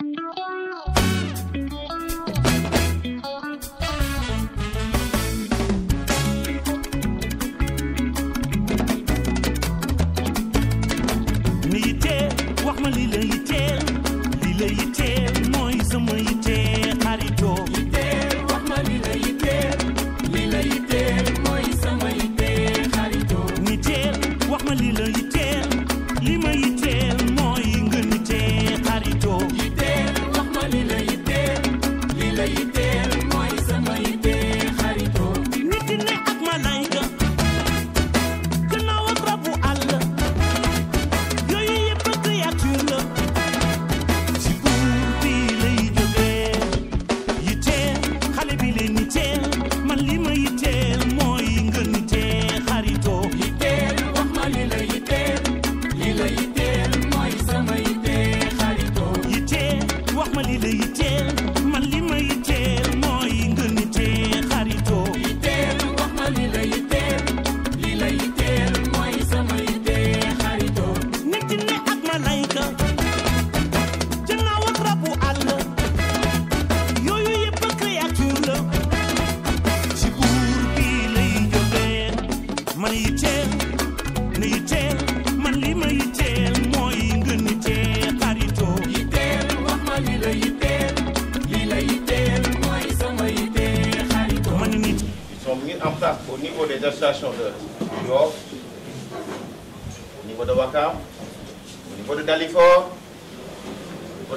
Thank you.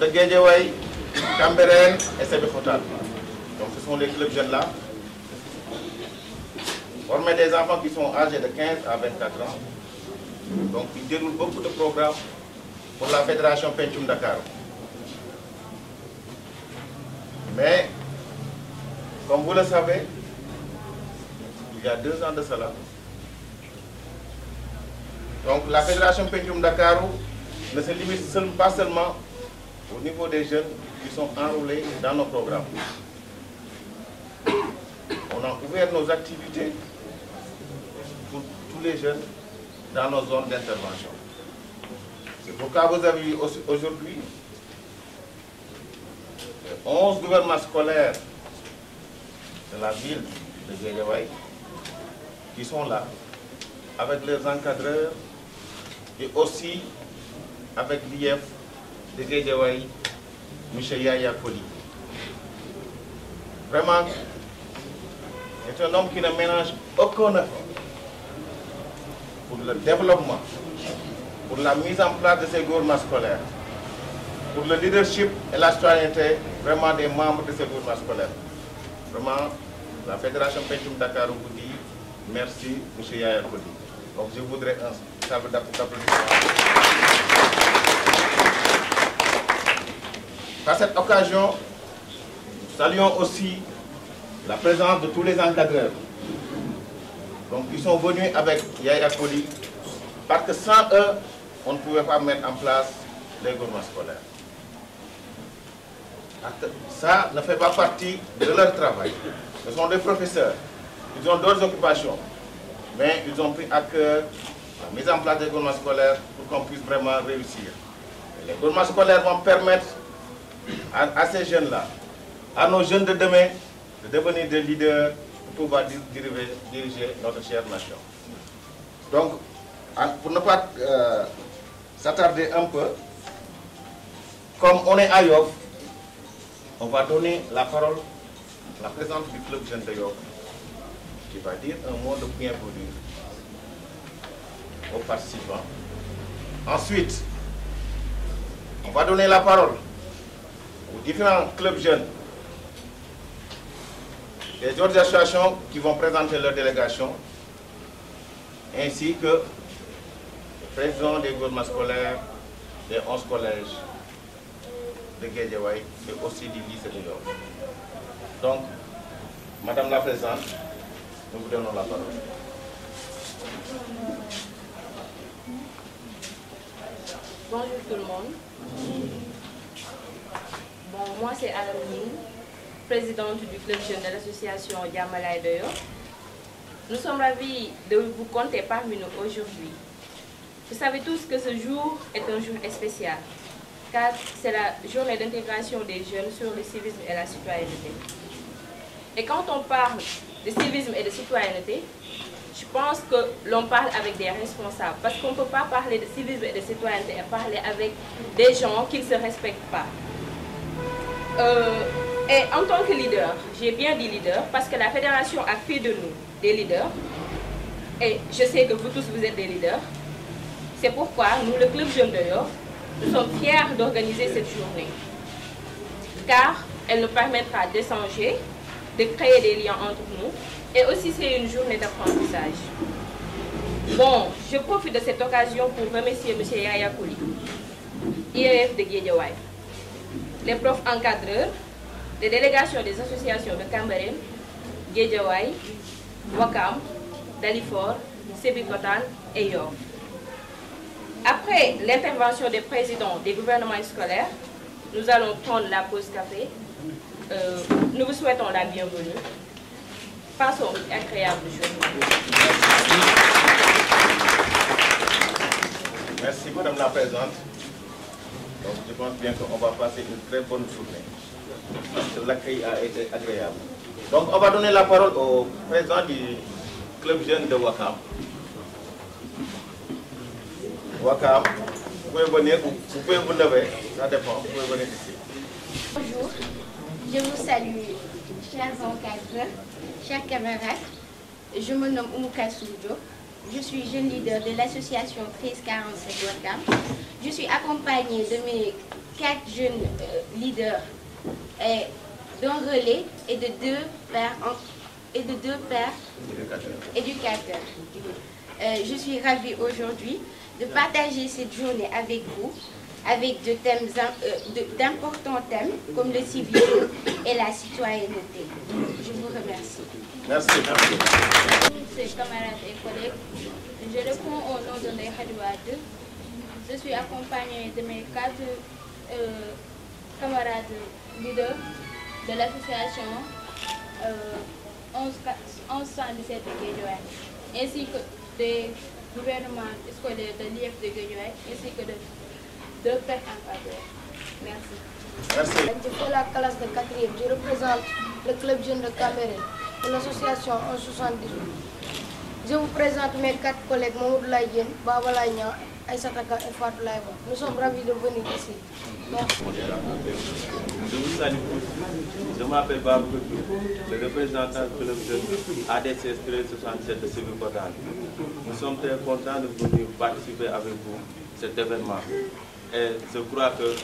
et Donc ce sont les clubs jeunes là. met des enfants qui sont âgés de 15 à 24 ans. Donc ils déroulent beaucoup de programmes pour la Fédération Pentium Dakar. Mais, comme vous le savez, il y a deux ans de cela, donc la Fédération Pentium Dakar ne se limite pas seulement au niveau des jeunes qui sont enrôlés dans nos programmes. On a ouvert nos activités pour tous les jeunes dans nos zones d'intervention. C'est pourquoi vous avez vu aujourd'hui 11 euh, gouvernements scolaires de la ville de Guédiawaye qui sont là avec leurs encadreurs et aussi avec l'IF de M. Yaya Koli. Vraiment, c'est un homme qui ne ménage aucun effort pour le développement, pour la mise en place de ces gourmands scolaires, pour le leadership et la citoyenneté vraiment des membres de ces gourmands scolaires. Vraiment, la Fédération Pentium Dakar vous dit merci, M. Yaya Koli. Donc je voudrais un salve d'applaudissements. Par cette occasion, saluons aussi la présence de tous les encadreurs. Donc ils sont venus avec Yaya Koli, parce que sans eux, on ne pouvait pas mettre en place les gouvernements scolaires. Ça ne fait pas partie de leur travail. Ce sont des professeurs. Ils ont d'autres occupations. Mais ils ont pris à cœur la mise en place des gouvernements scolaires pour qu'on puisse vraiment réussir. les gouvernements scolaires vont permettre à, ces jeunes-là, à nos jeunes de demain, de devenir des leaders pour pouvoir diriger, notre chère nation. Donc, pour ne pas euh, s'attarder un peu, comme on est à Yov, on va donner la parole à la présidente du club Jeune de Yov, qui va dire un mot de bienvenue aux participants. Ensuite, on va donner la parole aux différents clubs jeunes, les autres associations qui vont présenter leur délégation, ainsi que le président des gouvernements scolaires des 11 collèges de Guédiawaï et aussi du lycée de York. Donc, Madame la Présidente, nous vous donnons la parole. Bonjour tout le monde. Bon, moi c'est Alamine, présidente du club jeune de l'association Yamala Nous sommes ravis de vous compter parmi nous aujourd'hui. Vous savez tous que ce jour est un jour spécial, car c'est la journée d'intégration des jeunes sur le civisme et la citoyenneté. Et quand on parle de civisme et de citoyenneté, je pense que l'on parle avec des responsables, parce qu'on ne peut pas parler de civisme et de citoyenneté et parler avec des gens qui ne se respectent pas. Euh, et en tant que leader, j'ai bien dit leader parce que la fédération a fait de nous des leaders. Et je sais que vous tous, vous êtes des leaders. C'est pourquoi nous, le Club Jeune de nous sommes fiers d'organiser cette journée. Car elle nous permettra de d'échanger, de créer des liens entre nous. Et aussi, c'est une journée d'apprentissage. Bon, je profite de cette occasion pour remercier M. Yaya Kouli, IEF de Guédiawaye les profs encadreurs, les délégations des associations de Cameroun, Guédiawaye, Wakam, Dalifor, Sebikotal et York. Après l'intervention des présidents des gouvernements scolaires, nous allons prendre la pause café. Euh, nous vous souhaitons la bienvenue. Passons une agréable journée. Merci Madame la Présidente. Donc je pense bien qu'on va passer une très bonne journée. Parce que l'accueil a été agréable. Donc on va donner la parole au président du club jeune de Wakam. Wakam, vous pouvez venir, vous pouvez vous lever, ça dépend, vous pouvez venir ici. Bonjour, je vous salue, chers encadreurs, chers camarades. Je me nomme Oumuka Soudjo. Je suis jeune leader de l'association 1347 WordCamp. Je suis accompagnée de mes quatre jeunes euh, leaders et d'un relais et de deux pères, et de deux pères éducateurs. Euh, je suis ravie aujourd'hui de partager cette journée avec vous, avec thèmes, euh, d'importants thèmes comme le civil et la citoyenneté. Je vous remercie. merci ses camarades et collègues. Je réponds au nom de Nehadouad. Je suis accompagnée de mes quatre euh, camarades leaders de l'association euh, 1117 de ainsi que des gouvernements scolaires de l'IF de Guédiouac, ainsi que de deux personnes. Merci. Merci. Je Pour la classe de 4e, je représente le club jeune de Cameroun l'association en 78. Je vous présente mes quatre collègues, Mamoud Laïen, Baba Laïen, Aïsataka et Fatou Nous sommes ravis de venir ici. Merci. Je vous salue tous. Je m'appelle Babou le représentant du club jeune ADCS 1367 de Sébécotan. Nous sommes très contents de venir participer avec vous à cet événement. Et je crois que,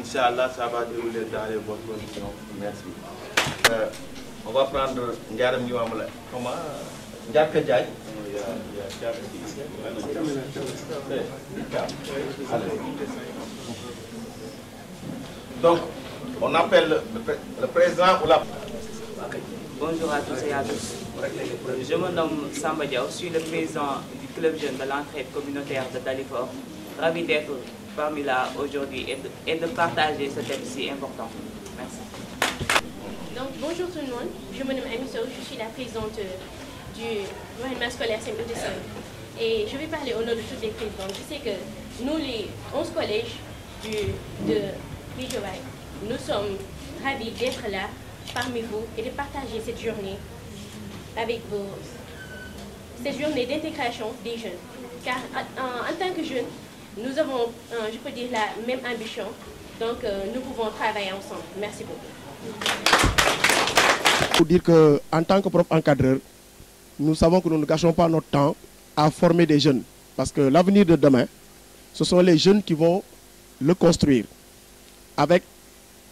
Inch'Allah, ça va dérouler dans les bonnes conditions. Merci on va prendre Ndiarem Comment Donc, on appelle le, président ou la... Bonjour à tous et à tous. Je me nomme Samba Diaw, je suis le président du club jeune de l'entraide communautaire de Dalifor. Ravi d'être parmi là aujourd'hui et de partager ce thème si important. Merci bonjour tout le monde. Je me nomme Amiso. Je suis la présidente euh, du gouvernement scolaire saint de Et je vais parler au nom de toutes les présidentes. Je sais que nous, les 11 collèges de Rijovai, nous sommes ravis d'être là parmi vous et de partager cette journée avec vous. Cette journée d'intégration des jeunes. Car en, en, tant que jeunes, nous avons, euh, je peux dire, la même ambition. Donc, euh, nous pouvons travailler ensemble. Merci beaucoup. Pour dire qu'en tant que propre encadreur, nous savons que nous ne gâchons pas notre temps à former des jeunes. Parce que l'avenir de demain, ce sont les jeunes qui vont le construire. Avec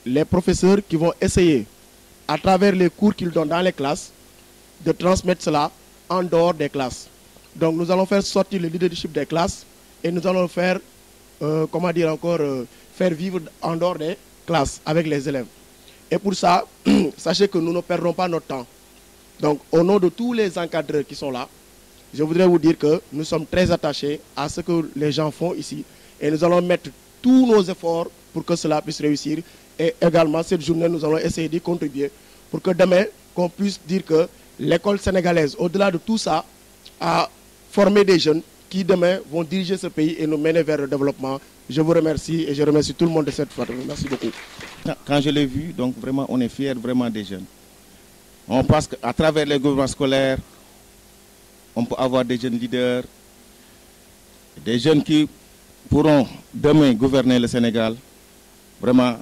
les professeurs qui vont essayer, à travers les cours qu'ils donnent dans les classes, de transmettre cela en dehors des classes. Donc nous allons faire sortir le leadership des classes et nous allons faire, euh, comment dire encore, euh, faire vivre en dehors des classes avec les élèves. Et pour ça, sachez que nous ne perdrons pas notre temps. Donc, au nom de tous les encadreurs qui sont là, je voudrais vous dire que nous sommes très attachés à ce que les gens font ici. Et nous allons mettre tous nos efforts pour que cela puisse réussir. Et également, cette journée, nous allons essayer d'y contribuer pour que demain, qu'on puisse dire que l'école sénégalaise, au-delà de tout ça, a formé des jeunes qui demain vont diriger ce pays et nous mener vers le développement je vous remercie et je remercie tout le monde de cette fois. Merci beaucoup. Quand je l'ai vu, donc vraiment, on est fiers vraiment des jeunes. On pense qu'à travers les gouvernements scolaires, on peut avoir des jeunes leaders, des jeunes qui pourront demain gouverner le Sénégal, vraiment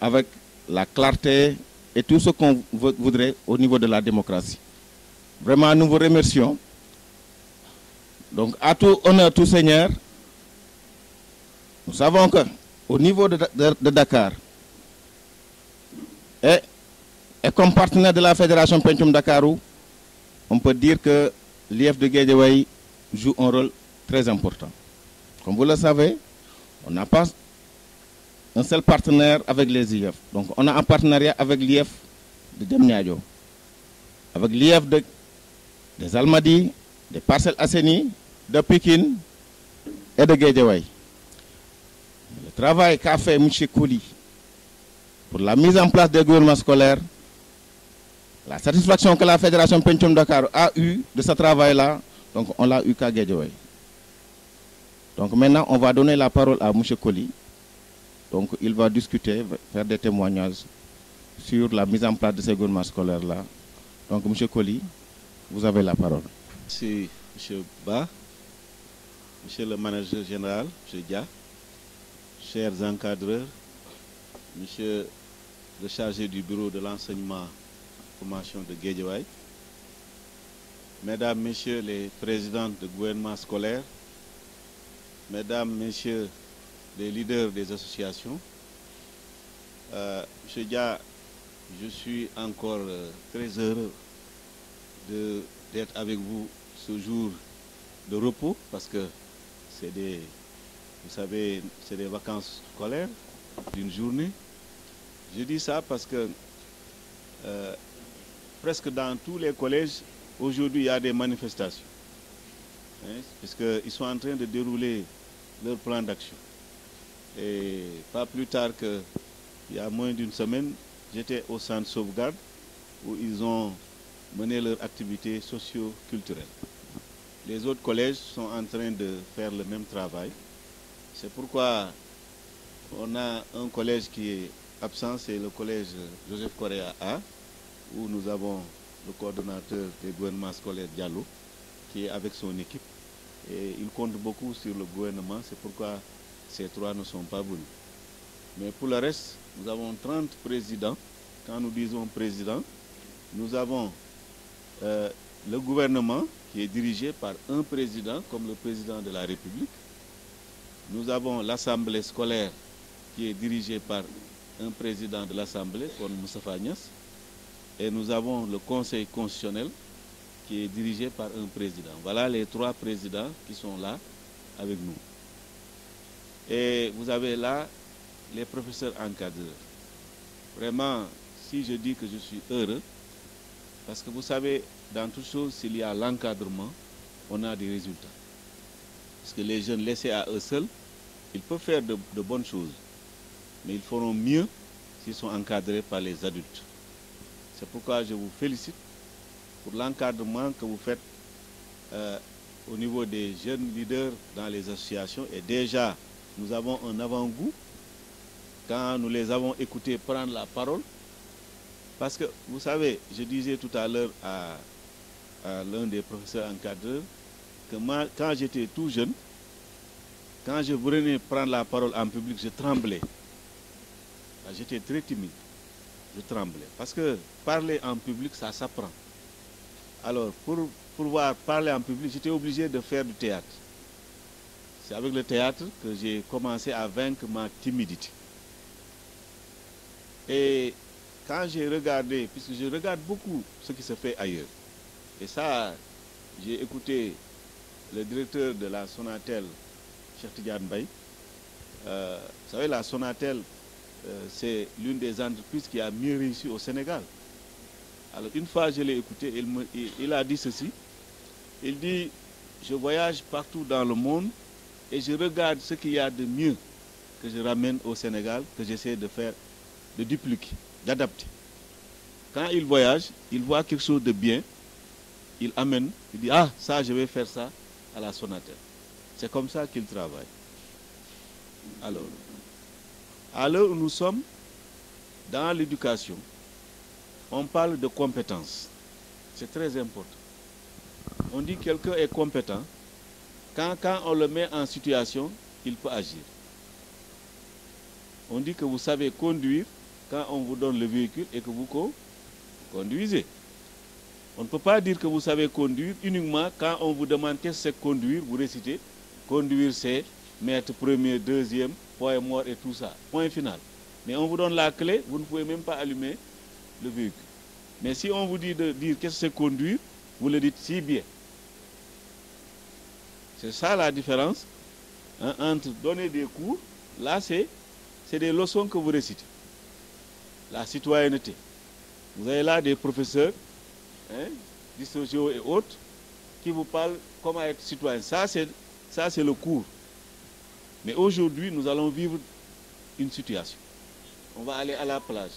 avec la clarté et tout ce qu'on voudrait au niveau de la démocratie. Vraiment, nous vous remercions. Donc, à tout honneur, tout Seigneur. Nous savons qu'au niveau de, Dakar, et, comme partenaire de la Fédération Pentium Dakarou, on peut dire que l'IF de Guédiawaï joue un rôle très important. Comme vous le savez, on n'a pas un seul partenaire avec les IF. Donc on a un partenariat avec l'IF de Demniadio, avec l'IF des Almadi, des parcelles Asseni, de Pékin et de Guédiawaï travail qu'a fait M. Kouli pour la mise en place des gouvernements scolaires, la satisfaction que la Fédération Pentium Dakar a eue de ce travail-là, donc on l'a eu qu'à Guédioué. Donc maintenant, on va donner la parole à M. Kouli. Donc il va discuter, faire des témoignages sur la mise en place de ces gouvernements scolaires-là. Donc M. Kouli, vous avez la parole. Merci M. Ba, M. le manager général, M. Dia chers encadreurs, monsieur le chargé du bureau de l'enseignement formation de Guédiouaï, mesdames, messieurs les présidents de gouvernement scolaire, mesdames, messieurs les leaders des associations, euh, monsieur Dia, je suis encore euh, très heureux d'être avec vous ce jour de repos parce que c'est des vous savez, c'est des vacances scolaires d'une journée. Je dis ça parce que euh, presque dans tous les collèges, aujourd'hui, il y a des manifestations. Hein, parce Puisqu'ils sont en train de dérouler leur plan d'action. Et pas plus tard qu'il y a moins d'une semaine, j'étais au centre sauvegarde où ils ont mené leur activité socio culturelles Les autres collèges sont en train de faire le même travail. C'est pourquoi on a un collège qui est absent, c'est le collège Joseph Correa A, où nous avons le coordonnateur des gouvernements scolaires Diallo, qui est avec son équipe. Et il compte beaucoup sur le gouvernement, c'est pourquoi ces trois ne sont pas voulus. Mais pour le reste, nous avons 30 présidents. Quand nous disons président, nous avons euh, le gouvernement qui est dirigé par un président, comme le président de la République. Nous avons l'assemblée scolaire qui est dirigée par un président de l'assemblée, Moussa Fagnas, et nous avons le conseil constitutionnel qui est dirigé par un président. Voilà les trois présidents qui sont là avec nous. Et vous avez là les professeurs encadreurs. Vraiment, si je dis que je suis heureux, parce que vous savez, dans toute chose, s'il y a l'encadrement, on a des résultats. Parce que les jeunes laissés à eux seuls, ils peuvent faire de, bonnes choses, mais ils feront mieux s'ils sont encadrés par les adultes. C'est pourquoi je vous félicite pour l'encadrement que vous faites euh, au niveau des jeunes leaders dans les associations. Et déjà, nous avons un avant-goût quand nous les avons écoutés prendre la parole. Parce que, vous savez, je disais tout à l'heure à, l'un des professeurs encadreurs que quand j'étais tout jeune, quand je venais prendre la parole en public, je tremblais. Ah, j'étais très timide. Je tremblais. Parce que parler en public, ça s'apprend. Alors, pour pouvoir parler en public, j'étais obligé de faire du théâtre. C'est avec le théâtre que j'ai commencé à vaincre ma timidité. Et quand j'ai regardé, puisque je regarde beaucoup ce qui se fait ailleurs, et ça, j'ai écouté le directeur de la Sonatelle Bay. Euh, vous savez, la Sonatel, euh, c'est l'une des entreprises qui a mieux réussi au Sénégal. Alors, une fois, je l'ai écouté, il, il a dit ceci. Il dit, je voyage partout dans le monde et je regarde ce qu'il y a de mieux que je ramène au Sénégal, que j'essaie de faire, de dupliquer, d'adapter. Quand il voyage, il voit quelque chose de bien, il amène, il dit, ah, ça, je vais faire ça à la sonatelle. C'est comme ça qu'il travaille Alors, à l'heure où nous sommes, dans l'éducation, on parle de compétences. C'est très important. On dit quelqu'un est compétent. Quand, quand on le met en situation, il peut agir. On dit que vous savez conduire quand on vous donne le véhicule et que vous conduisez. On ne peut pas dire que vous savez conduire uniquement quand on vous demande qu'est-ce que conduire, vous récitez Conduire, c'est mettre premier, deuxième, point mort et tout ça. Point final. Mais on vous donne la clé, vous ne pouvez même pas allumer le véhicule. Mais si on vous dit de dire qu'est-ce que c'est conduire, vous le dites si bien. C'est ça la différence hein, entre donner des cours, là c'est des leçons que vous récitez. La citoyenneté. Vous avez là des professeurs, hein, et autres, qui vous parlent comment être citoyen. Ça c'est ça, c'est le cours. Mais aujourd'hui, nous allons vivre une situation. On va aller à la plage.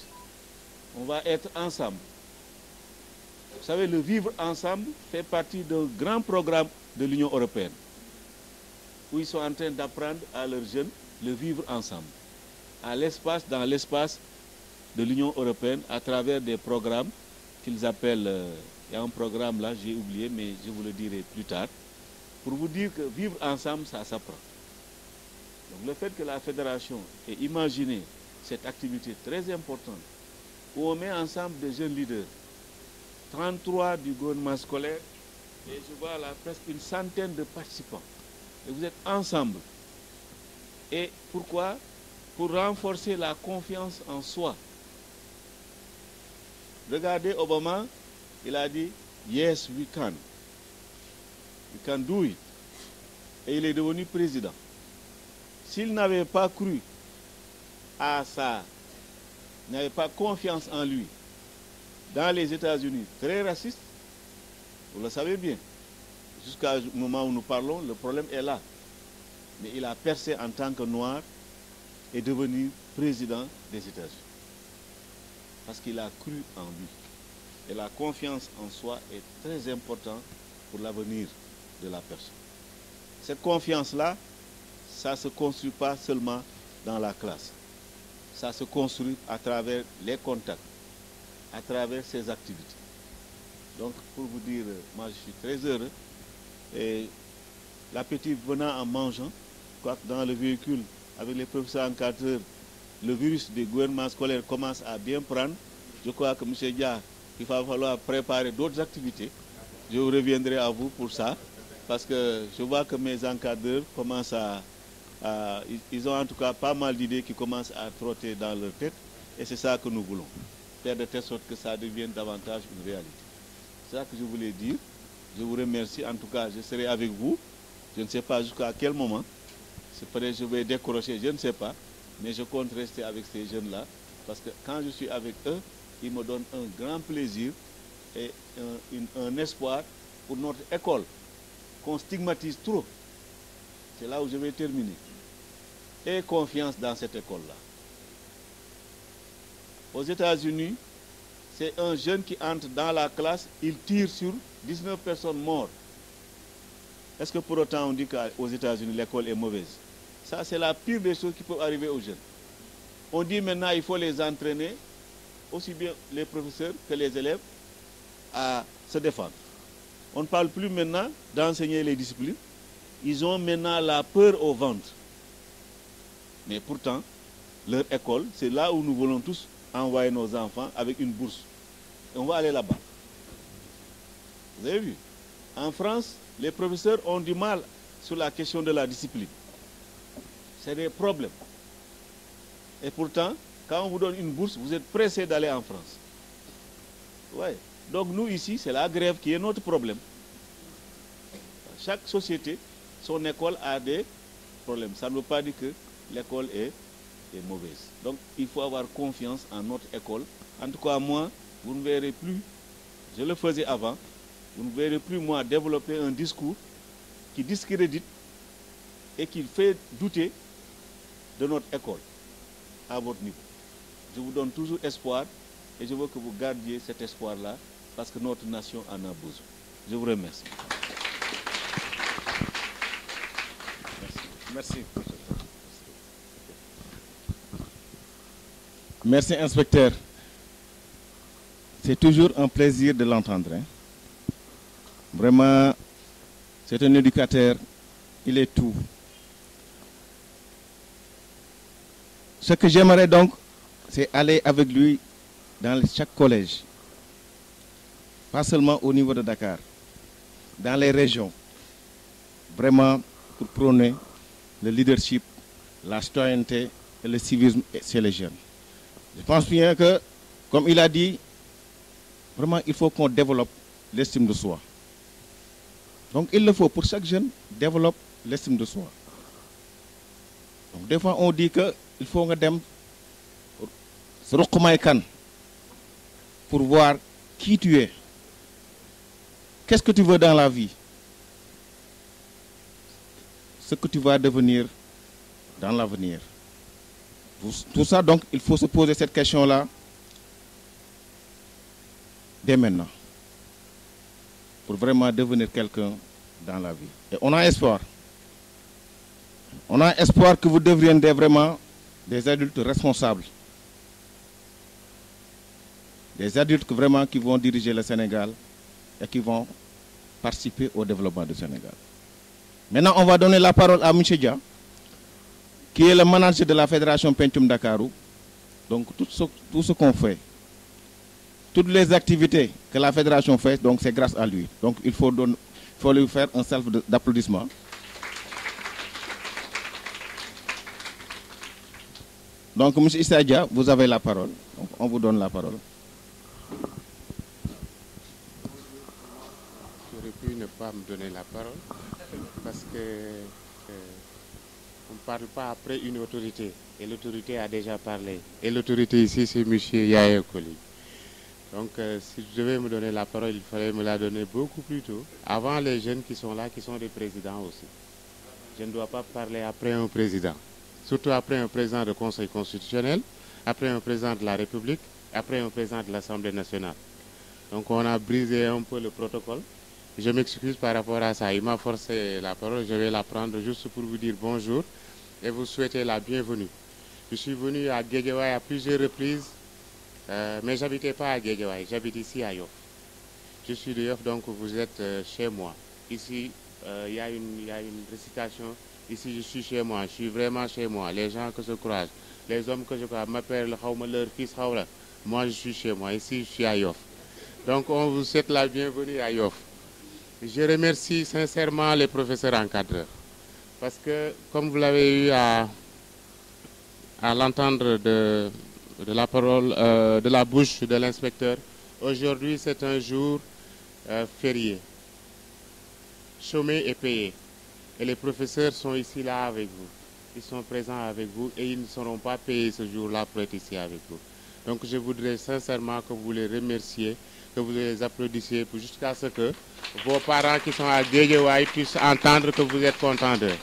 On va être ensemble. Vous savez, le vivre ensemble fait partie d'un grand programme de l'Union européenne, où ils sont en train d'apprendre à leurs jeunes le vivre ensemble, à l'espace, dans l'espace de l'Union européenne, à travers des programmes qu'ils appellent, euh, il y a un programme là, j'ai oublié, mais je vous le dirai plus tard, pour vous dire que vivre ensemble, ça s'apprend. Donc le fait que la fédération ait imaginé cette activité très importante, où on met ensemble des jeunes leaders, 33 du gouvernement scolaire, et je vois là presque une centaine de participants. Et vous êtes ensemble. Et pourquoi Pour renforcer la confiance en soi. Regardez Obama, il a dit, yes, we can. You Et il est devenu président. S'il n'avait pas cru à ça, n'avait pas confiance en lui, dans les États-Unis, très raciste, vous le savez bien. Jusqu'au moment où nous parlons, le problème est là. Mais il a percé en tant que noir et devenu président des États-Unis. Parce qu'il a cru en lui. Et la confiance en soi est très importante pour l'avenir de la personne. Cette confiance-là, ça ne se construit pas seulement dans la classe. Ça se construit à travers les contacts, à travers ses activités. Donc, pour vous dire, moi je suis très heureux. Et l'appétit venant en mangeant, quoi, dans le véhicule, avec les professeurs en encadreurs, le virus des gouvernements scolaires commence à bien prendre. Je crois que M. Dia, il va falloir préparer d'autres activités. Je reviendrai à vous pour ça parce que je vois que mes encadreurs commencent à... ils ont en tout cas pas mal d'idées qui commencent à trotter dans leur tête et c'est ça que nous voulons. Faire de telle sorte que ça devienne davantage une réalité. C'est ça que je voulais dire. Je vous remercie. En tout cas, je serai avec vous. Je ne sais pas jusqu'à quel moment. C'est je vais décrocher, je ne sais pas. Mais je compte rester avec ces jeunes-là. Parce que quand je suis avec eux, ils me donnent un grand plaisir et un espoir pour notre école qu'on stigmatise trop. C'est là où je vais terminer. Et confiance dans cette école-là. Aux États-Unis, c'est un jeune qui entre dans la classe, il tire sur 19 personnes mortes. Est-ce que pour autant on dit qu'aux États-Unis, l'école est mauvaise Ça, c'est la pire des choses qui peut arriver aux jeunes. On dit maintenant il faut les entraîner, aussi bien les professeurs que les élèves, à se défendre. On ne parle plus maintenant d'enseigner les disciplines. Ils ont maintenant la peur au ventre. Mais pourtant, leur école, c'est là où nous voulons tous envoyer nos enfants avec une bourse. on va aller là-bas. Vous avez vu En France, les professeurs ont du mal sur la question de la discipline. C'est des problèmes. Et pourtant, quand on vous donne une bourse, vous êtes pressé d'aller en France. Ouais. Donc nous ici, c'est la grève qui est notre problème. Chaque société, son école a des problèmes. Ça ne veut pas dire que l'école est, mauvaise. Donc il faut avoir confiance en notre école. En tout cas, moi, vous ne verrez plus, je le faisais avant, vous ne verrez plus moi développer un discours qui discrédite et qui fait douter de notre école à votre niveau. Je vous donne toujours espoir et je veux que vous gardiez cet espoir-là parce que notre nation en a besoin. Je vous remercie. Merci. Merci. inspecteur. C'est toujours un plaisir de l'entendre. Hein. Vraiment, c'est un éducateur. Il est tout. Ce que j'aimerais donc, c'est aller avec lui dans chaque collège, pas seulement au niveau de Dakar, dans les régions, vraiment pour prôner le leadership, la citoyenneté et le civisme chez les jeunes. Je pense bien que, comme il a dit, vraiment il faut qu'on développe l'estime de soi. Donc il le faut pour chaque jeune, développe l'estime de soi. Donc des fois on dit qu'il faut que dem se pour voir qui tu es. Qu'est-ce que tu veux dans la vie Ce que tu vas devenir dans l'avenir. Tout ça, donc, il faut se poser cette question-là dès maintenant pour vraiment devenir quelqu'un dans la vie. Et on a espoir. On a espoir que vous deviendrez vraiment des adultes responsables. Des adultes vraiment qui vont diriger le Sénégal et qui vont participer au développement du Sénégal. Maintenant, on va donner la parole à M. Dia, qui est le manager de la Fédération Pentium Dakarou. Donc, tout ce, qu'on fait, toutes les activités que la Fédération fait, donc c'est grâce à lui. Donc, il faut, donner, lui faire un salve d'applaudissement. Donc, M. Dia, vous avez la parole. on vous donne la parole. ne pas me donner la parole parce que euh, on ne parle pas après une autorité. Et l'autorité a déjà parlé. Et l'autorité ici, c'est M. Yaya Koli. Donc, euh, si je devais me donner la parole, il fallait me la donner beaucoup plus tôt. Avant les jeunes qui sont là, qui sont des présidents aussi. Je ne dois pas parler après un président. Surtout après un président de Conseil constitutionnel, après un président de la République, après un président de l'Assemblée nationale. Donc, on a brisé un peu le protocole. Je m'excuse par rapport à ça. Il m'a forcé la parole. Je vais la prendre juste pour vous dire bonjour et vous souhaiter la bienvenue. Je suis venu à Guédiawaye à plusieurs reprises, euh, mais mais n'habitais pas à Guédiawaye. J'habite ici à Yoff. Je suis de Yoff, donc vous êtes euh, chez moi. Ici, euh, il y, y, a une récitation. Ici, je suis chez moi. Je suis vraiment chez moi. Les gens que je croise, les hommes que je croise, m'appellent leur fils Moi, je suis chez moi. Ici, je suis à Yoff. Donc, on vous souhaite la bienvenue à Yoff. Je remercie sincèrement les professeurs encadreurs parce que, comme vous l'avez eu à, l'entendre de, la parole, euh, de la bouche de l'inspecteur, aujourd'hui c'est un jour euh, férié, chômé et payé. Et les professeurs sont ici là avec vous. Ils sont présents avec vous et ils ne seront pas payés ce jour-là pour être ici avec vous. Donc je voudrais sincèrement que vous les remerciez que vous les applaudissiez jusqu'à ce que vos parents qui sont à Guédiawaye puissent entendre que vous êtes contents d'eux.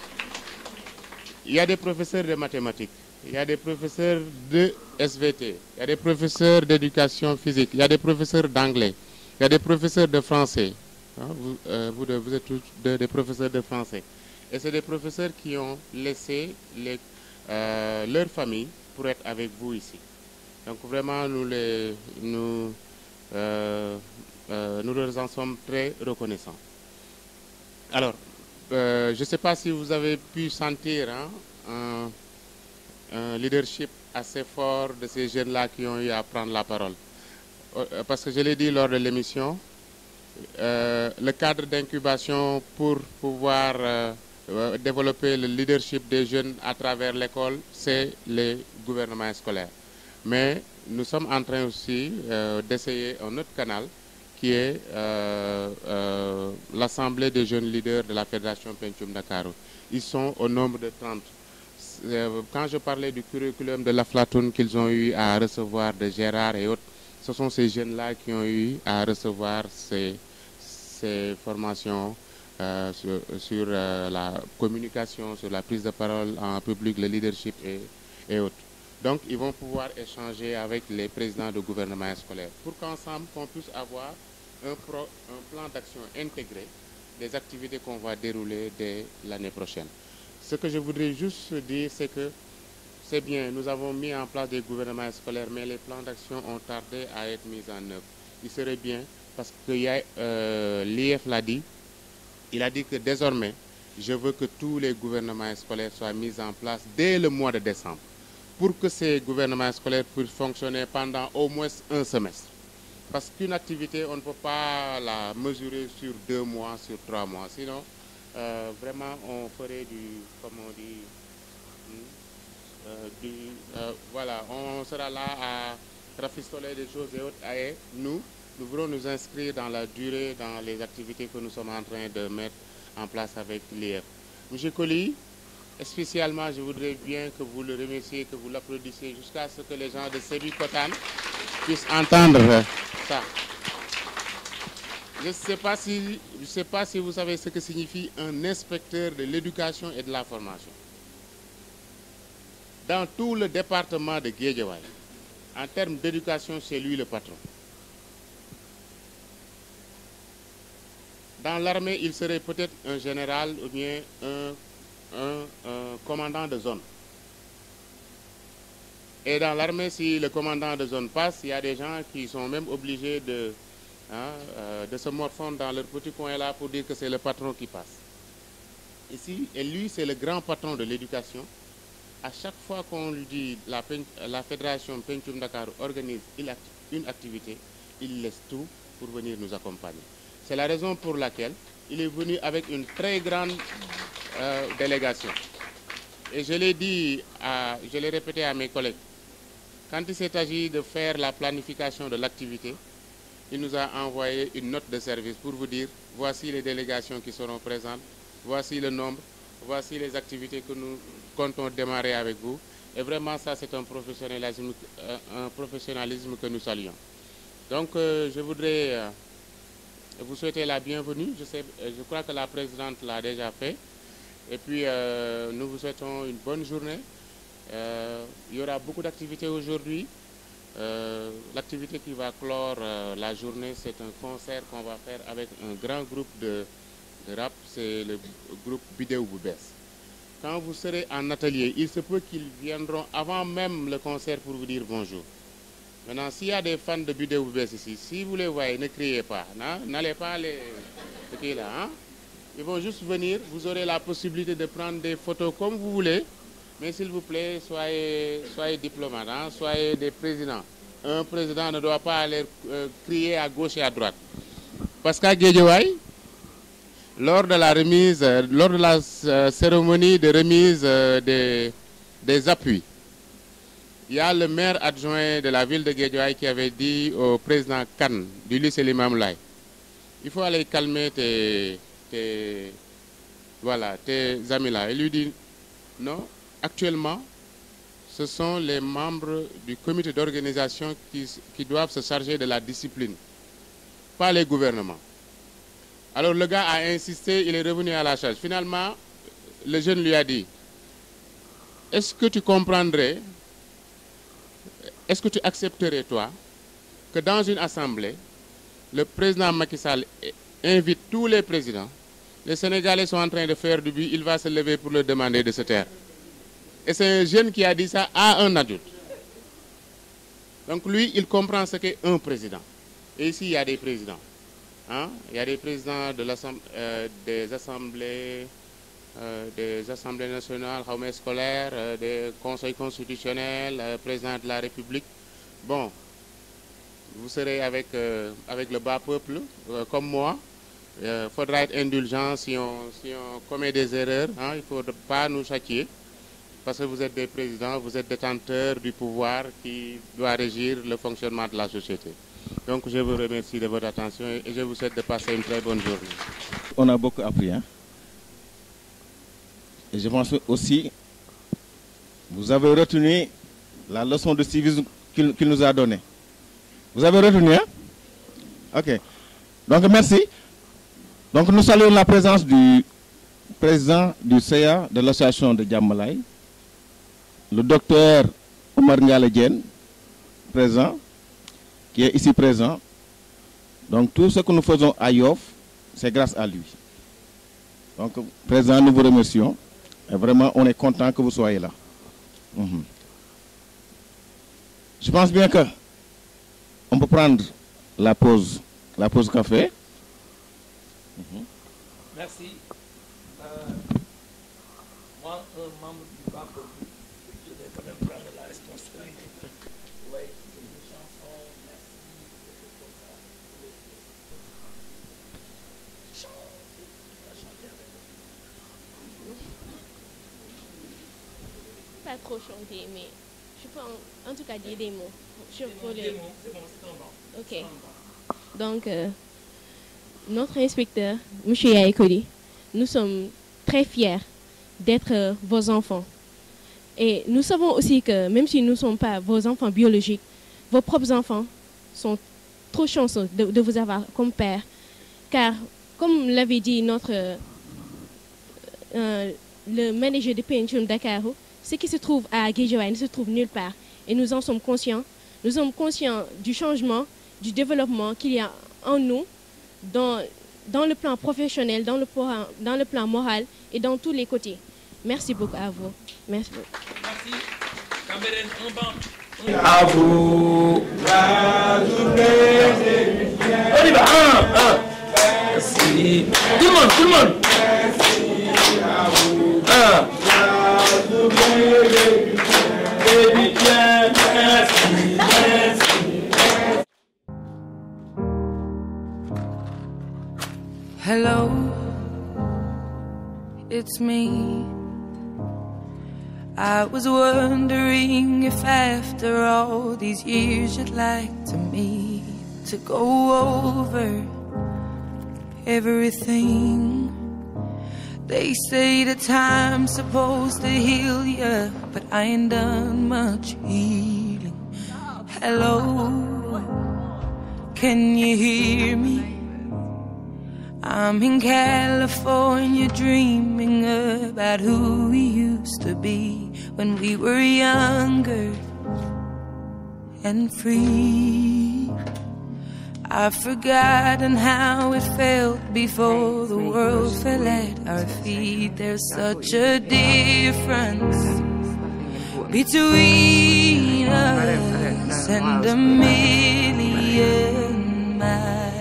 Il y a des professeurs de mathématiques, il y a des professeurs de SVT, il y a des professeurs d'éducation physique, il y a des professeurs d'anglais, il y a des professeurs de français. Hein, euh, vous, êtes tous des professeurs de français. Et c'est des professeurs qui ont laissé euh, leur famille pour être avec vous ici. Donc vraiment, nous les... Nous, euh, euh, nous en sommes très reconnaissants. Alors, euh, je ne sais pas si vous avez pu sentir hein, un, leadership assez fort de ces jeunes-là qui ont eu à prendre la parole. Parce que je l'ai dit lors de l'émission, le cadre d'incubation pour pouvoir développer le leadership des jeunes à travers l'école, c'est les gouvernements scolaires. Mais nous sommes en train aussi euh, d'essayer un autre canal qui est euh, euh, l'Assemblée des jeunes leaders de la Fédération Pentium Dakar. Ils sont au nombre de 30. Quand je parlais du curriculum de la Flatoune qu'ils ont eu à recevoir de Gérard et autres, ce sont ces jeunes-là qui ont eu à recevoir ces, formations sur, la communication, sur la prise de parole en public, le leadership et autres. Donc, ils vont pouvoir échanger avec les présidents de gouvernement scolaire pour qu'ensemble, qu'on puisse avoir un, plan d'action intégré des activités qu'on va dérouler dès l'année prochaine. Ce que je voudrais juste dire, c'est que c'est bien, nous avons mis en place des gouvernements scolaires, mais les plans d'action ont tardé à être mis en œuvre. Il serait bien, parce que euh, l'IF l'a dit, il a dit que désormais, je veux que tous les gouvernements scolaires soient mis en place dès le mois de décembre pour que ces gouvernements scolaires puissent fonctionner pendant au moins un semestre. Parce qu'une activité, on ne peut pas la mesurer sur deux mois, sur trois mois. Sinon, euh, vraiment, on ferait du, comment on hmm, euh, du, euh, voilà, on sera là à rafistoler des choses et autres. Et nous, nous voulons nous inscrire dans la durée, dans les activités que nous sommes en train de mettre en place avec l'IF. Monsieur Colli, Spécialement, je voudrais bien que vous le remerciez, que vous l'applaudissiez jusqu'à ce que les gens de Sébi puissent entendre ça. Je ne sais, pas si, sais pas si vous savez ce que signifie un inspecteur de l'éducation et de la formation. Dans tout le département de Guédiawaye, en termes d'éducation, c'est lui le patron. Dans l'armée, il serait peut-être un général ou bien un un, commandant de zone. Et dans l'armée, si le commandant de zone passe, il y a des gens qui sont même obligés de, hein, euh, de se morfondre dans leur petit coin là pour dire que c'est le patron qui passe. Ici, et lui, c'est le grand patron de l'éducation. À chaque fois qu'on lui dit la, la fédération Pentium Dakar organise une activité, il laisse tout pour venir nous accompagner. C'est la raison pour laquelle il est venu avec une très grande euh, délégation. Et je l'ai dit, je l'ai répété à mes collègues, quand il s'est agi de faire la planification de l'activité, il nous a envoyé une note de service pour vous dire voici les délégations qui seront présentes, voici le nombre, voici les activités que nous comptons démarrer avec vous. Et vraiment, ça, c'est un professionnalisme, euh, un professionnalisme que nous saluons. Donc, euh, je voudrais vous souhaiter la bienvenue. Je, sais, je crois que la présidente l'a déjà fait. Et puis, euh, nous vous souhaitons une bonne journée. Euh, il y aura beaucoup d'activités aujourd'hui. Euh, l'activité qui va clore la journée, c'est un concert qu'on va faire avec un grand groupe de, rap, c'est le groupe Bideo Boubès. Quand vous serez en atelier, il se peut qu'ils viendront avant même le concert pour vous dire bonjour. Maintenant, s'il y a des fans de Bideo Boubès ici, si vous les voyez, ne criez pas, n'allez pas les... là, hein. Ils vont juste venir, vous aurez la possibilité de prendre des photos comme vous voulez, mais s'il vous plaît, soyez, soyez diplomate, hein, soyez des présidents. Un président ne doit pas aller euh, crier à gauche et à droite. Parce qu'à Guédiouaï, lors de la remise, euh, lors de la euh, cérémonie de remise des, appuis, il y a le maire adjoint de la ville de Guédiouaï qui avait dit au président Khan du lycée Limam il faut aller calmer tes tes, voilà, tes amis-là. Il lui dit, non, actuellement, ce sont les membres du comité d'organisation qui, qui doivent se charger de la discipline, pas les gouvernements. Alors le gars a insisté, il est revenu à la charge. Finalement, le jeune lui a dit, est-ce que tu comprendrais, est-ce que tu accepterais toi que dans une assemblée, le président Macky Sall invite tous les présidents les Sénégalais sont en train de faire du but, il va se lever pour le demander de se taire. Et c'est un jeune qui a dit ça à un adulte. Donc lui, il comprend ce qu'est un président. Et ici, il y a des présidents. Hein? Il y a des présidents de l'Assemblée, euh, des assemblées, euh, des assemblées nationales, scolaires, euh, des conseils constitutionnels, président de la République. Bon, vous serez avec, avec le bas peuple, comme moi, il euh, faudra être indulgent si on, commet des erreurs. Hein. il ne faut pas nous châtier parce que vous êtes des présidents, vous êtes détenteurs du pouvoir qui doit régir le fonctionnement de la société. Donc je vous remercie de votre attention et je vous souhaite de passer une très bonne journée. On a beaucoup appris. Hein. Et je pense aussi, vous avez retenu la leçon de civisme qu'il nous a donnée. Vous avez retenu, hein? Ok. Donc merci. Donc nous saluons la présence du président du CA de l'association de Djamalay, le docteur Omar Ngaledjen, présent, qui est ici présent. Donc tout ce que nous faisons à Yoff, c'est grâce à lui. Donc présent, nous vous remercions. Et vraiment, on est content que vous soyez là. Mhm. Je pense bien que on peut prendre la pause, la pause café. Mhm. Merci. Euh, moi, un membre du bas je vais quand même prendre la responsabilité. Oui, c'est une chanson, merci, Pas trop chanter, mais je peux en, tout cas dire des mots. Je peux les... Des c'est bon, c'est en bas. Ok. Donc... Euh, notre inspecteur, M. Yaekoli, nous sommes très fiers d'être vos enfants. Et nous savons aussi que même si nous ne sommes pas vos enfants biologiques, vos propres enfants sont trop chanceux de, vous avoir comme père. Car, comme l'avait dit notre, euh, euh, le manager de pension Dakarou, ce qui se trouve à Guéjoa ne se trouve nulle part. Et nous en sommes conscients. Nous sommes conscients du changement, du développement qu'il y a en nous dans, dans le plan professionnel, dans le, plan, dans le plan moral et dans tous les côtés. Merci beaucoup à vous. Merci beaucoup. Hello, it's me. I was wondering if after all these years you'd like to me to go over everything. They say the time's supposed to heal you, but I ain't done much healing. Hello, can you hear me? I'm in California dreaming about who we used to be when we were younger and free. I've forgotten how it felt before the world fell at our feet. There's such a difference between us and a million miles.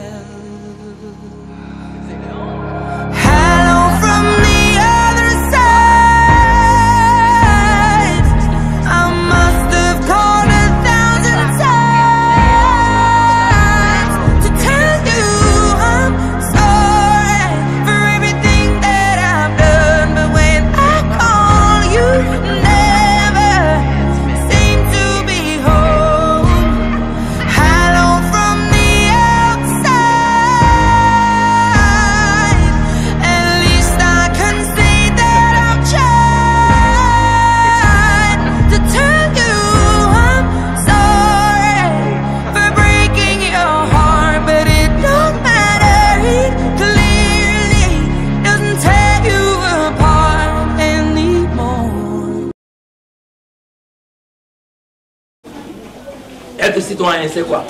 c'est quoi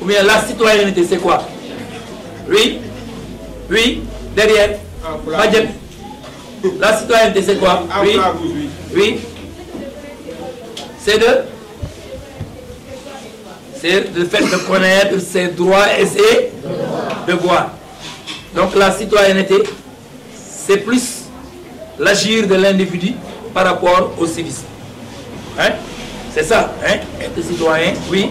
Ou bien la citoyenneté, c'est quoi Oui Oui Derrière La citoyenneté, c'est quoi Oui Oui C'est de C'est le fait de connaître ses droits et ses devoirs. Donc la citoyenneté, c'est plus l'agir de l'individu par rapport au civisme. Hein? C'est ça, hein Être citoyen, oui.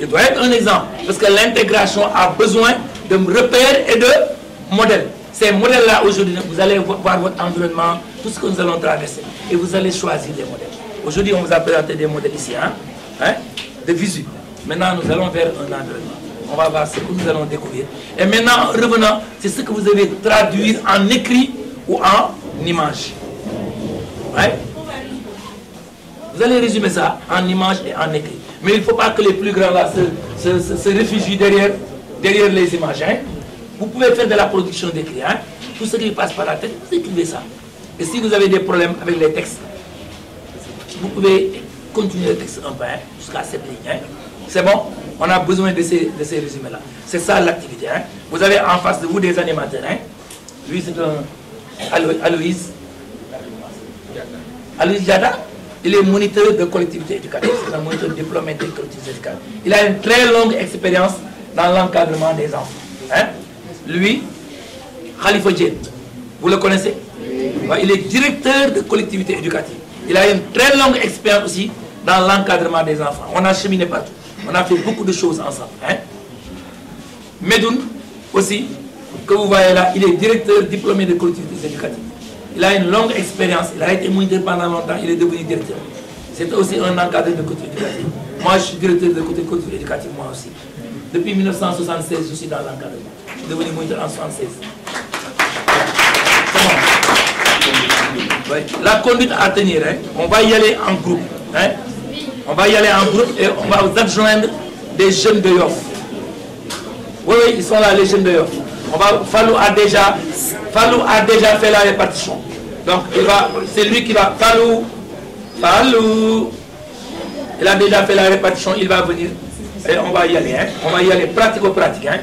Il doit être un exemple. Parce que l'intégration a besoin de repères et de modèles. Ces modèles-là, aujourd'hui, vous allez voir votre environnement, tout ce que nous allons traverser. Et vous allez choisir des modèles. Aujourd'hui, on vous a présenté des modèles ici, hein, hein de visu. Maintenant, nous allons vers un environnement. On va voir ce que nous allons découvrir. Et maintenant, revenant, c'est ce que vous avez traduire en écrit ou en image. Vous allez résumer ça en images et en écrit. Mais il ne faut pas que les plus grands là se, réfugient derrière, derrière les images. Hein. Vous pouvez faire de la production d'écrit. Hein. Tout ce qui passe par la tête, vous écrivez ça. Et si vous avez des problèmes avec les textes, vous pouvez continuer le texte un peu hein, jusqu'à cette ligne. Hein. C'est bon On a besoin de ces, de ces résumés-là. C'est ça l'activité. Vous avez en face de vous des animateurs. Lui, c'est un Aloïs Ali Jada, il est moniteur de collectivité éducative, c'est un moniteur diplômé de collectivité éducative. Il a une très longue expérience dans l'encadrement des enfants. Hein. Lui, Khalifa Djed, vous le connaissez Il est directeur de collectivité éducative. Il a une très longue expérience aussi dans l'encadrement des enfants. On a cheminé partout. On a fait beaucoup de choses ensemble. Hein? Medoun aussi, que vous voyez là, il est directeur diplômé de collectivité éducative. Il a une longue expérience. Il a été moniteur pendant longtemps. Il est devenu directeur. C'est aussi un encadré de côté éducatif Moi, je suis directeur de côté culture éducative, moi aussi. Depuis 1976, je suis dans l'encadrement. Je suis devenu moniteur en 1976. La conduite à tenir, hein. on va y aller en groupe. Hein. On va y aller en groupe et on va vous adjoindre des jeunes de Yoff. Oui, oui, ils sont là, les jeunes de Yoff. On va falloir déjà Fallou a déjà fait la répartition. Donc c'est lui qui va. Fallou, Fallou. Il a déjà fait la répartition, il va venir. Et on va y aller, hein. On va y aller au pratique hein.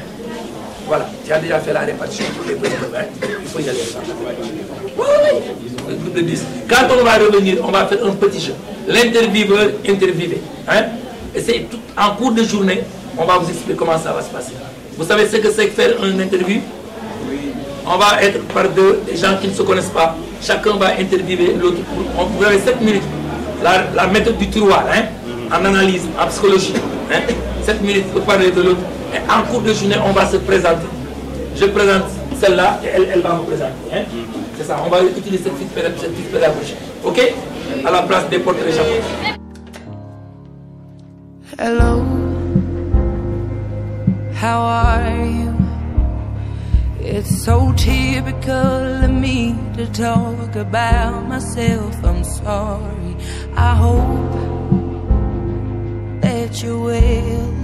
Voilà, tu as déjà fait la répartition hein. Il faut y aller. Ça. Oui, Quand on va revenir, on va faire un petit jeu. L'intervieweur, interviewé. Hein. Et c'est tout en cours de journée, on va vous expliquer comment ça va se passer. Vous savez ce que c'est que faire une interview on va être par deux, des gens qui ne se connaissent pas. Chacun va interviewer l'autre. On vous avez 7 minutes. La, méthode du tiroir, hein, en analyse, en psychologie. 7 hein. minutes pour parler de l'autre. Et en cours de journée, on va se présenter. Je présente celle-là et elle, elle, va me présenter. Hein. C'est ça, on va utiliser cette petite pédagogie. OK À la place des portes japonais. Hello, how are you? It's so typical of me to talk about myself. I'm sorry. I hope that you will.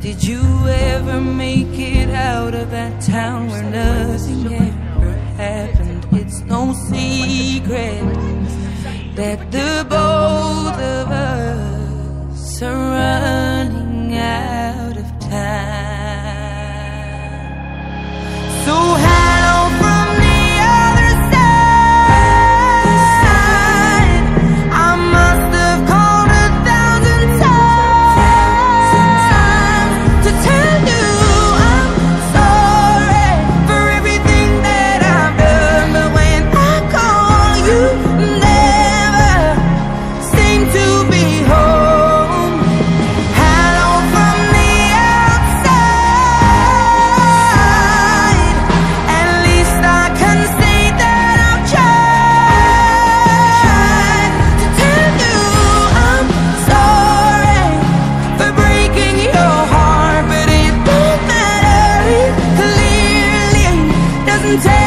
Did you ever make it out of that town where nothing ever happened? It's no secret that the both of us are running out of time. So help Sometimes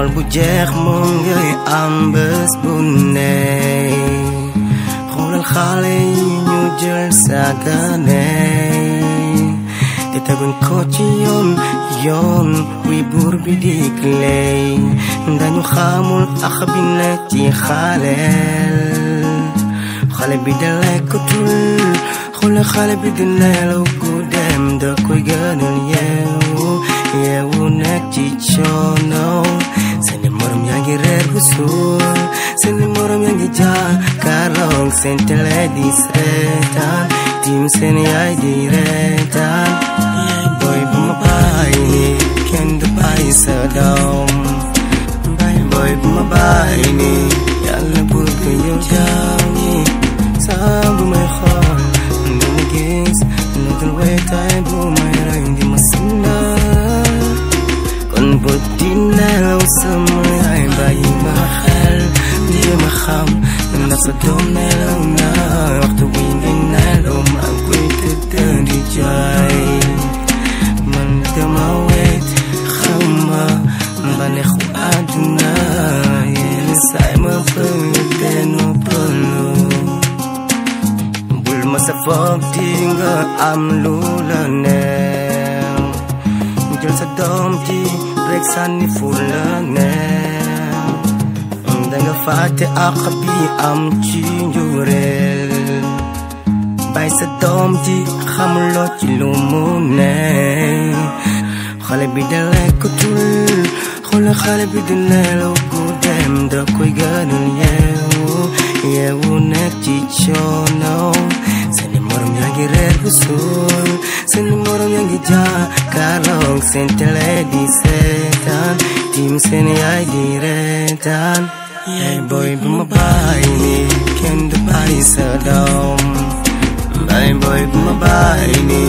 xol bu jeex moom ngay am bés bu ney xoolal xale ñu jël saagane te teguñ ko ci yoon yoon wi buur bi digle dañu xamul ax bi nekk ci xaleel xale bi da lekkatul xoolal bi di ku dem da koy gënal yeewu yeewu nekk ci coono morom yang ngi reer sen morom yaa ngi karong sen tele di tim sen yai di reetaan boy bu ma ni ken du bàyyi sa doom boy bu ma bàyyi ni yàlla bu ke yo ja ni sa bu may xool dama gis nu dul wetaay bu mai rey di ma بودينا لو سمعي باي محل دي مخام الناس دومنا لو نار وقت وينينا لو ما كنت تاني جاي من تموت خما من اخواتنا ينسى ما فلتنا بلو بالمسافات تيغا عملو لنا جلسة دومتي Rexani fulane Ndanga fate akabi am chinjurel Bay sa dom ji xamlo ci lu mu ne Xale bi dale ko tul Xola xale bi di nelaw ku dem da koy gënal yeewu Yeewu nekk ci coono Seen morom yaa ngi reer bu suul Sini morong yang hijau Kalong sen tele di setan Tim sen yai di retan Yai boy bumabai ni de pai sedom Bai boy bumabai ni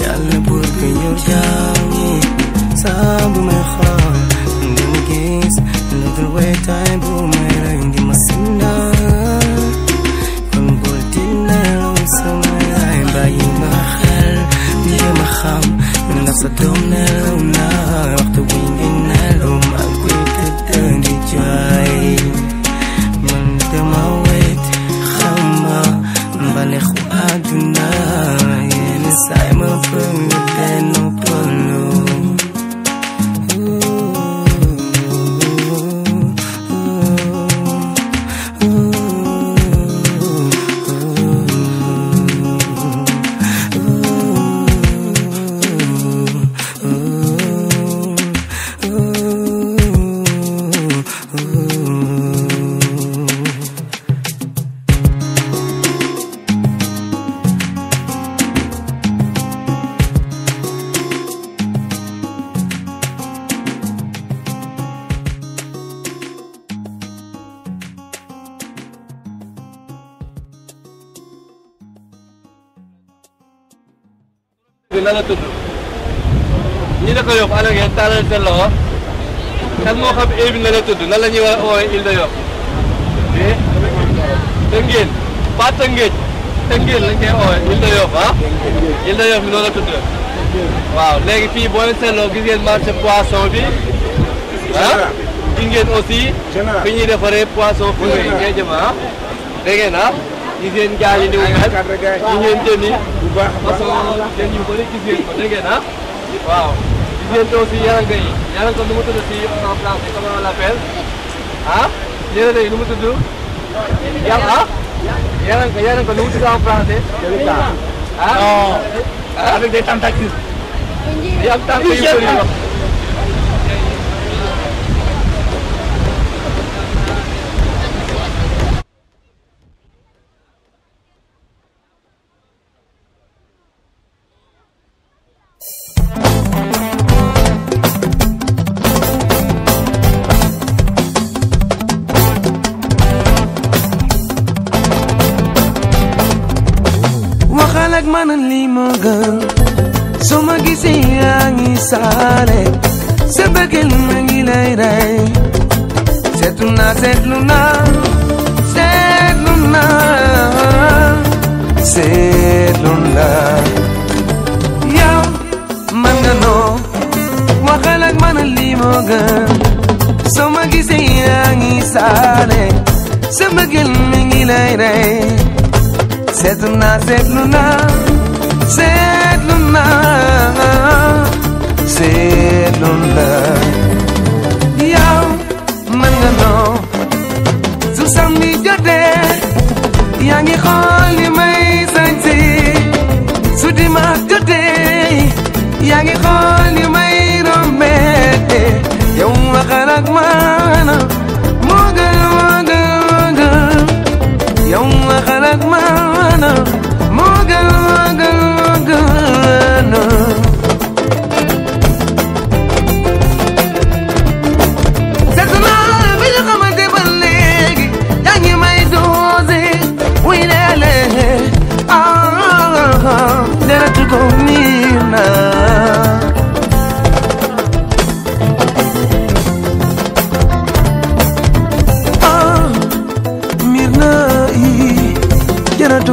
Yalla put ke yurjangi Sabu me khol way time wetai e bumerang di masindang đêm mà khăm Nằm sợ đôm nè lâu nà Mặc tù bình in nè lâu mà quý tư tương đi chơi Mình tư mà wait khăm mà Bà nè khu aduna Yên sai mơ phương na la tudd ñi da ko yóbbu ana ngeen taalal seen loxo kan moo xam na la tudd nan la ñuy war a woowee Île de Yoff mais eh? Tëngéej pas Tëngéej Tëngéej lañ koy woowee Île de Yoff ah Île de Yoff mi noonu la waaw léegi fii boo leen seetloo gis ngeen marché bi ah gis ngeen aussi fi ñuy defaree poisson fumé ngeen jëm ah dégg ngeen ah gis yi ni mu mel gis baax yéen ñu bëri gis ngeen ko dégg ngeen ah waaw yang gay yang ko nu si en français comment on l'appelle ah yaran gay nu mu tudd yam yang yaran ko yaran ko nu mu tudd en français ah avec des tentacules yam tentacules sale Sepegil mengilai rai Setluna setluna Setluna Setluna Ya mangano Wakalag manalimoga Somagi sayangi sale Sepegil mengilai rai Setluna setluna Setluna Setluna seetlu la yow mën nga noo su samedi jotee yaa ngi xool li may sañse su dimanche jotee yaa ngi may rombete yow waxal ak man moo gën moo gën moo gën yow waxal ak man moo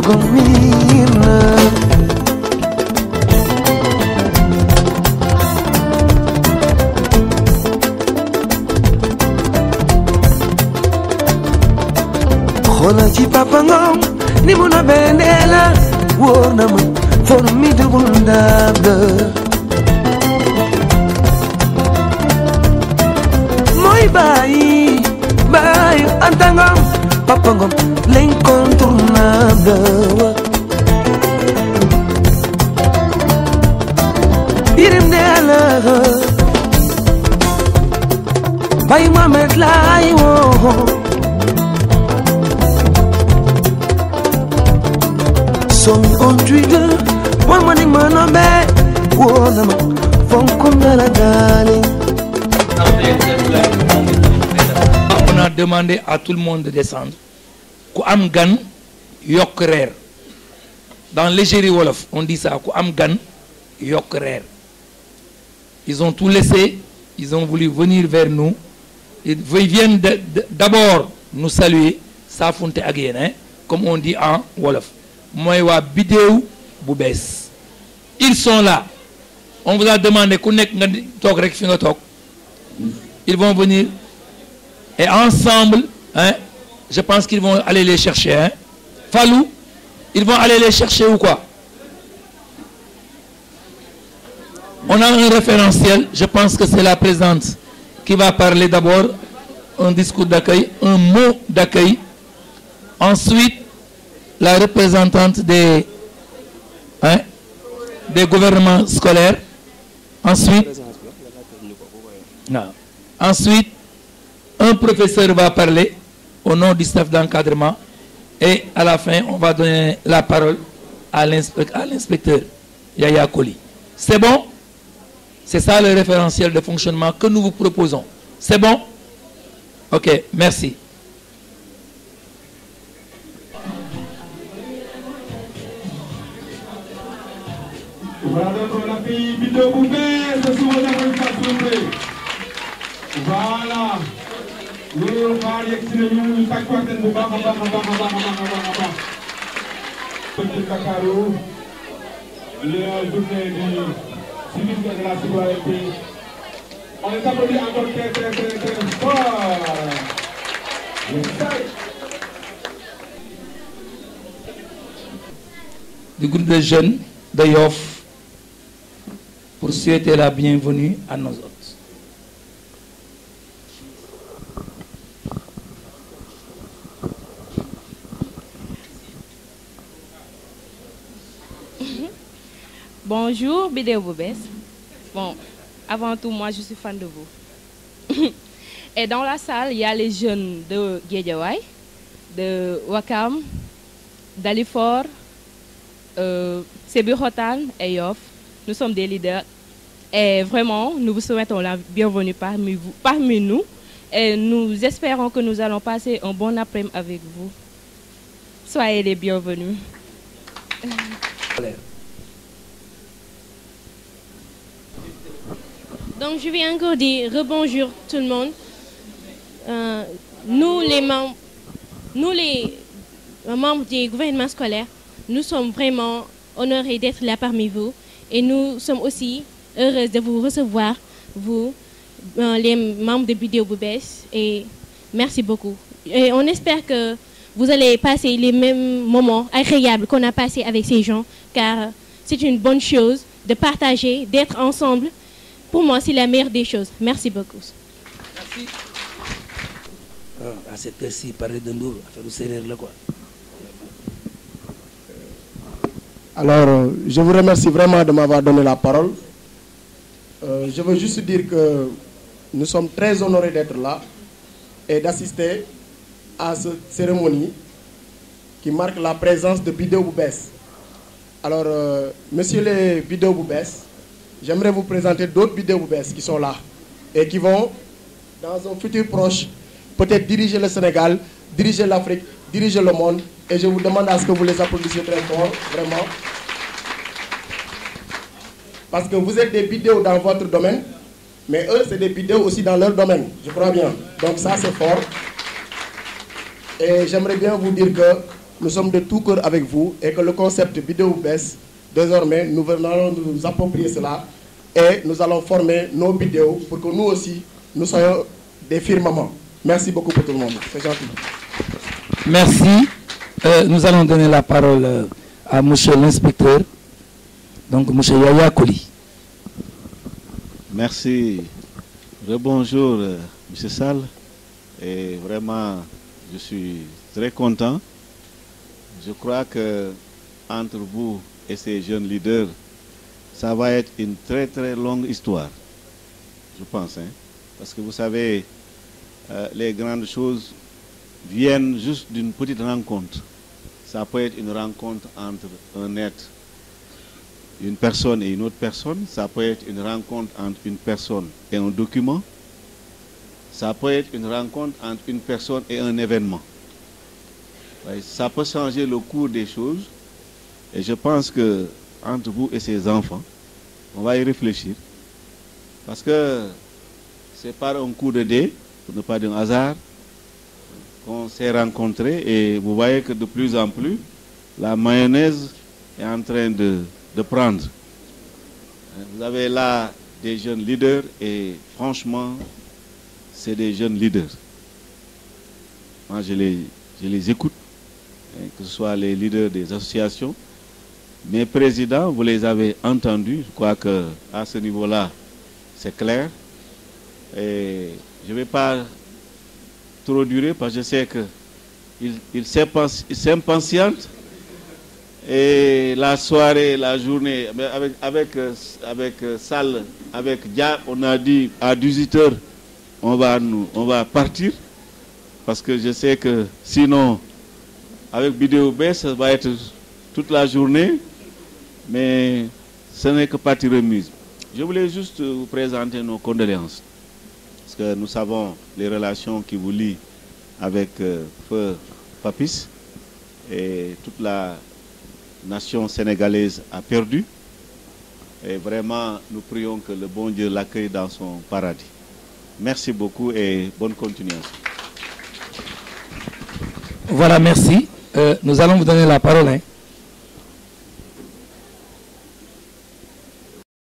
go me. Baye Mohamed laay woo song on trigger boy money man on bed woo na ma fonkum na la on a demandé à tout le monde de descendre ku am gan yokk reer dans l'égérie wolof on dit ça ku am gan yokk reer ils ont tout laissé ils ont voulu venir vers nous ils viennent d'abord nous saluer ça ak hein, comme on dit en wolof Moi, je vidéo ils sont là on vous a demandé qu'on ait ils vont venir et ensemble hein, je pense qu'ils vont aller les chercher hein ils vont aller les chercher ou quoi on a un référentiel je pense que c'est la présente qui va parler d'abord un discours d'accueil, un mot d'accueil. Ensuite, la représentante des, hein, des gouvernements scolaires. Ensuite, ensuite, un professeur va parler au nom du staff d'encadrement et à la fin, on va donner la parole à l'inspecteur Yaya Koli. C'est bon c'est ça le référentiel de fonctionnement que nous vous proposons. C'est bon Ok, merci du de la Citoyenneté. On les applaudit encore très très très très fort. Du groupe de jeunes de Yoff pour souhaiter la bienvenue à nos autres. Bonjour Bidéo Bobès. Bon, avant tout, moi je suis fan de vous. Et dans la salle, il y a les jeunes de Guédiawaï, de Wakam, d'Alifor, euh, et Yoff. Nous sommes des leaders. Et vraiment, nous vous souhaitons la bienvenue parmi, vous, parmi nous. Et nous espérons que nous allons passer un bon après-midi avec vous. Soyez les bienvenus. Donc je vais encore dire rebonjour tout le monde. Euh, nous les membres, nous les euh, membres du gouvernement scolaire, nous sommes vraiment honorés d'être là parmi vous et nous sommes aussi heureux de vous recevoir, vous, euh, les membres de Vidéo Boubès. Et merci beaucoup. Et on espère que vous allez passer les mêmes moments agréables qu'on a passé avec ces gens, car c'est une bonne chose de partager, d'être ensemble pour moi, c'est la meilleure des choses. Merci beaucoup. Merci. Ah, à cette heure parler de nous, faire nous serrer là, quoi. Alors, je vous remercie vraiment de m'avoir donné la parole. Euh, je veux juste dire que nous sommes très honorés d'être là et d'assister à cette cérémonie qui marque la présence de bideau Boubès. Alors, euh, monsieur les Bidou Boubès, j'aimerais vous présenter d'autres vidéos qui sont là et qui vont, dans un futur proche, peut-être diriger le Sénégal, diriger l'Afrique, diriger le monde. Et je vous demande à ce que vous les applaudissiez très fort, vraiment. Parce que vous êtes des vidéos dans votre domaine, mais eux, c'est des vidéos aussi dans leur domaine, je crois bien. Donc ça, c'est fort. Et j'aimerais bien vous dire que nous sommes de tout cœur avec vous et que le concept vidéo baisse, désormais, nous allons nous approprier cela et nous allons former nos vidéos pour que nous aussi, nous soyons des firmaments. Merci beaucoup pour tout le monde. C'est Merci. Euh, nous allons donner la parole euh, à M. l'inspecteur, donc M. Yaya Kouli. Merci. Rebonjour, euh, M. Sall. Et vraiment, je suis très content. Je crois que entre vous et ces jeunes leaders, ça va être une très très longue histoire, je pense. Hein. parce que vous savez, euh, les grandes choses viennent juste d'une petite rencontre. Ça peut être une rencontre entre un être, une personne et une autre personne. Ça peut être une rencontre entre une personne et un document. Ça peut être une rencontre entre une personne et un événement. Ça peut changer le cours des choses. Et je pense que entre vous et ses enfants. On va y réfléchir. Parce que c'est par un coup de dé, pour ne pas dire un hasard, qu'on s'est rencontrés et vous voyez que de plus en plus, la mayonnaise est en train de, prendre. Vous avez là des jeunes leaders et franchement, c'est des jeunes leaders. Moi, je je les écoute, hein, que ce soit les leaders des associations, mes présidents, vous les avez entendus, je que à ce niveau-là, c'est clair. Et je ne vais pas trop durer parce que je sais qu'ils il s'impatientent. Et la soirée, la journée, avec, avec, euh, avec euh, Salle, avec Dia, on a dit à 18h, on va, nous, on va partir. Parce que je sais que sinon, avec Vidéo B, ça va être toute la journée mais ce n'est que partie remise. Je voulais juste vous présenter nos condoléances, parce que nous savons les relations qui vous lient avec euh, Feu Papis, et toute la nation sénégalaise a perdu. Et vraiment, nous prions que le bon Dieu l'accueille dans son paradis. Merci beaucoup et bonne continuation. Voilà, merci. Euh, nous allons vous donner la parole. Hein.